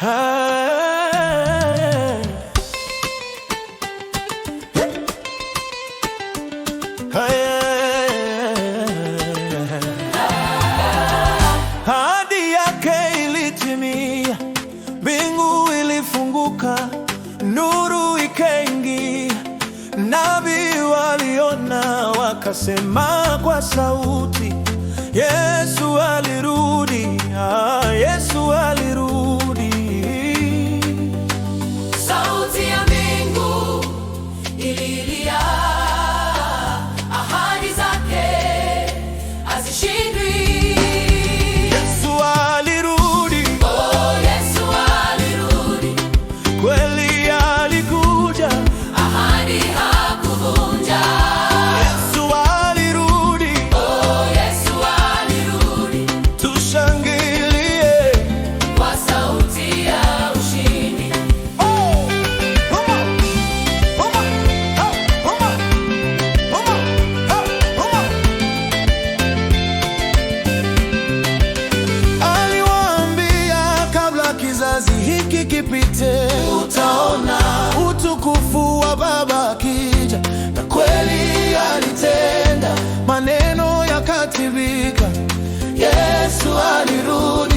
hadi yake ilitimia, mbingu ilifunguka, nuru ikaingia, nabii waliona wakasema kwa sauti, Yesu alirudi, ah, Yesu alirudi. Bibilia ahadi zake hazishindwi. Yesu alirudi, oh, Yesu alirudi kweli. upite, utaona utukufu wa Baba akija. Na kweli alitenda, maneno yakatibika, Yesu alirudi.